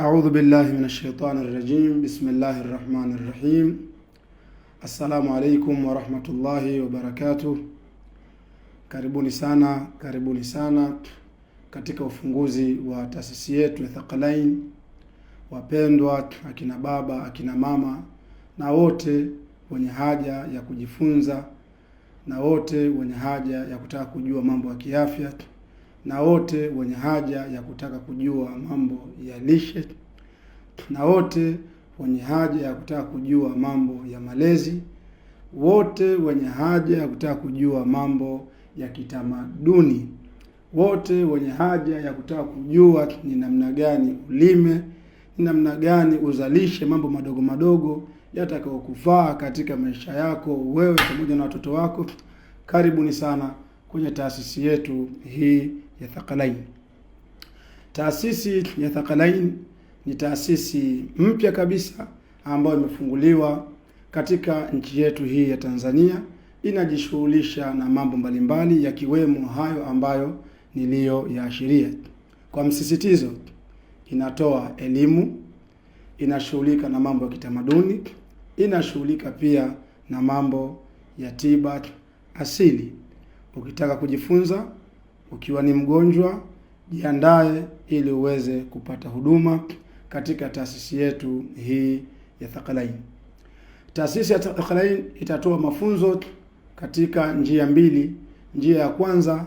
A'udhu billahi min shaitani rajim. bismillahi rahmanir rahim. Assalamu alaikum warahmatullahi wabarakatuh. Karibuni sana, karibuni sana katika ufunguzi wa taasisi yetu ya Thaqalain. Wapendwa akina baba, akina mama na wote wenye haja ya kujifunza na wote wenye haja ya kutaka kujua mambo ya kiafya na wote wenye haja ya kutaka kujua mambo ya lishe na wote wenye haja ya kutaka kujua mambo ya malezi, wote wenye haja ya kutaka kujua mambo ya kitamaduni, wote wenye haja ya kutaka kujua ni namna gani ulime, ni namna gani uzalishe mambo madogo madogo yatakayokufaa katika maisha yako wewe pamoja na watoto wako. Karibuni sana kwenye taasisi yetu hii ya Thaqalain. Taasisi ya Thaqalain ni taasisi mpya kabisa ambayo imefunguliwa katika nchi yetu hii ya Tanzania, inajishughulisha na mambo mbalimbali yakiwemo hayo ambayo niliyoyaashiria. Kwa msisitizo, inatoa elimu, inashughulika na mambo ya kitamaduni, inashughulika pia na mambo ya tiba asili. Ukitaka kujifunza ukiwa ni mgonjwa, jiandae ili uweze kupata huduma katika taasisi yetu hii ya thakalain Taasisi ya Thaqalain itatoa mafunzo katika njia mbili. Njia ya kwanza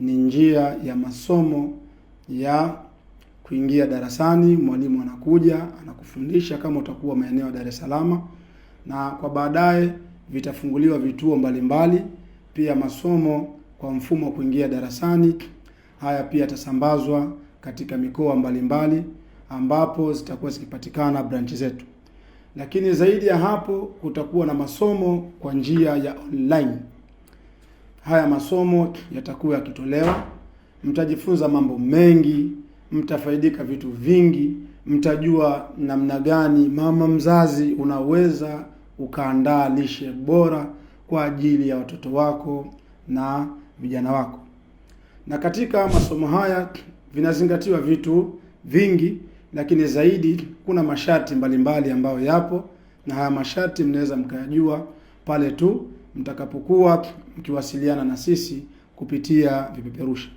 ni njia ya masomo ya kuingia darasani, mwalimu anakuja anakufundisha kama utakuwa maeneo ya Dar es Salaam, na kwa baadaye vitafunguliwa vituo mbalimbali mbali, pia masomo kwa mfumo wa kuingia darasani. Haya pia yatasambazwa katika mikoa mbalimbali ambapo zitakuwa zikipatikana branchi zetu, lakini zaidi ya hapo kutakuwa na masomo kwa njia ya online. Haya masomo yatakuwa yakitolewa, mtajifunza mambo mengi, mtafaidika vitu vingi, mtajua namna gani mama mzazi unaweza ukaandaa lishe bora kwa ajili ya watoto wako na vijana wako. Na katika masomo haya vinazingatiwa vitu vingi, lakini zaidi kuna masharti mbalimbali ambayo yapo, na haya masharti mnaweza mkayajua pale tu mtakapokuwa mkiwasiliana na sisi kupitia vipeperushi.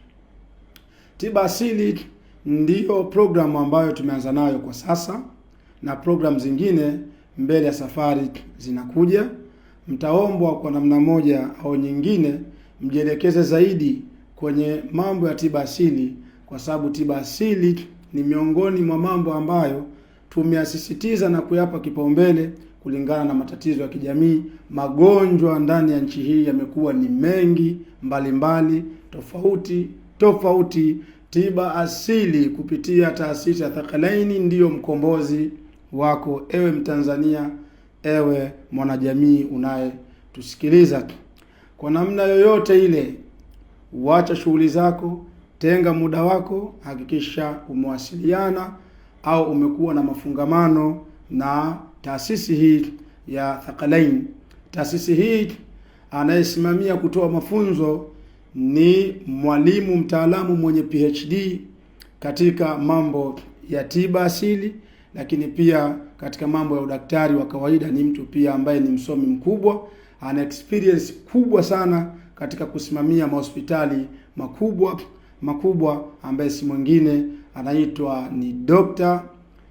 Tiba Asili ndiyo programu ambayo tumeanza nayo kwa sasa, na programu zingine mbele ya safari zinakuja. Mtaombwa kwa namna moja au nyingine mjielekeze zaidi kwenye mambo ya tiba asili, kwa sababu tiba asili ni miongoni mwa mambo ambayo tumeyasisitiza na kuyapa kipaumbele kulingana na matatizo ya kijamii. Magonjwa ndani ya nchi hii yamekuwa ni mengi mbalimbali mbali, tofauti tofauti. Tiba asili kupitia taasisi ya Thakalaini ndiyo mkombozi wako, ewe Mtanzania, ewe mwanajamii unayetusikiliza kwa namna yoyote ile. Wacha shughuli zako, tenga muda wako, hakikisha umewasiliana au umekuwa na mafungamano na taasisi hii ya Thaqalain. Taasisi hii anayesimamia kutoa mafunzo ni mwalimu mtaalamu mwenye PhD katika mambo ya tiba asili, lakini pia katika mambo ya udaktari wa kawaida. Ni mtu pia ambaye ni msomi mkubwa ana experience kubwa sana katika kusimamia mahospitali makubwa makubwa, ambaye si mwingine anaitwa ni Dr.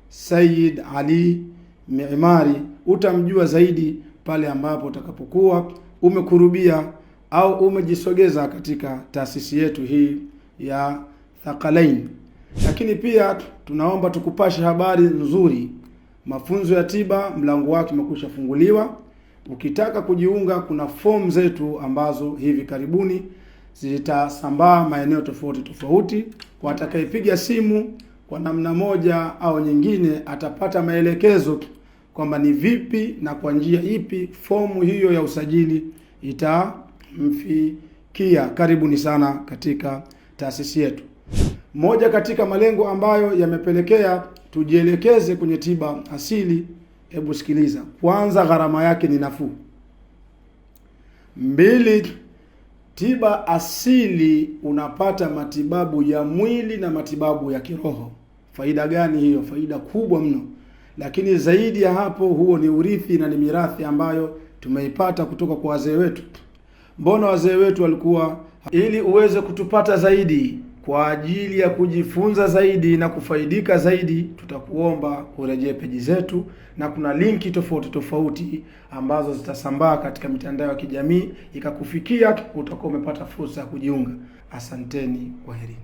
Said Ali Mimari. Utamjua zaidi pale ambapo utakapokuwa umekurubia au umejisogeza katika taasisi yetu hii ya Thakalain. Lakini pia tunaomba tukupashe habari nzuri, mafunzo ya tiba mlango wake umekwisha funguliwa. Ukitaka kujiunga, kuna fomu zetu ambazo hivi karibuni zitasambaa maeneo tofauti tofauti. Kwa atakayepiga simu kwa namna moja au nyingine, atapata maelekezo kwamba ni vipi na kwa njia ipi fomu hiyo ya usajili itamfikia. Karibuni sana katika taasisi yetu. Moja katika malengo ambayo yamepelekea tujielekeze kwenye tiba asili Hebu sikiliza kwanza, gharama yake ni nafuu. Mbili, tiba asili unapata matibabu ya mwili na matibabu ya kiroho. Faida gani hiyo? Faida kubwa mno. Lakini zaidi ya hapo, huo ni urithi na ni mirathi ambayo tumeipata kutoka kwa wazee wetu. Mbona wazee wetu walikuwa, ili uweze kutupata zaidi kwa ajili ya kujifunza zaidi na kufaidika zaidi, tutakuomba urejee peji zetu, na kuna linki tofauti tofauti ambazo zitasambaa katika mitandao ya kijamii, ikakufikia utakuwa umepata fursa ya kujiunga. Asanteni, herini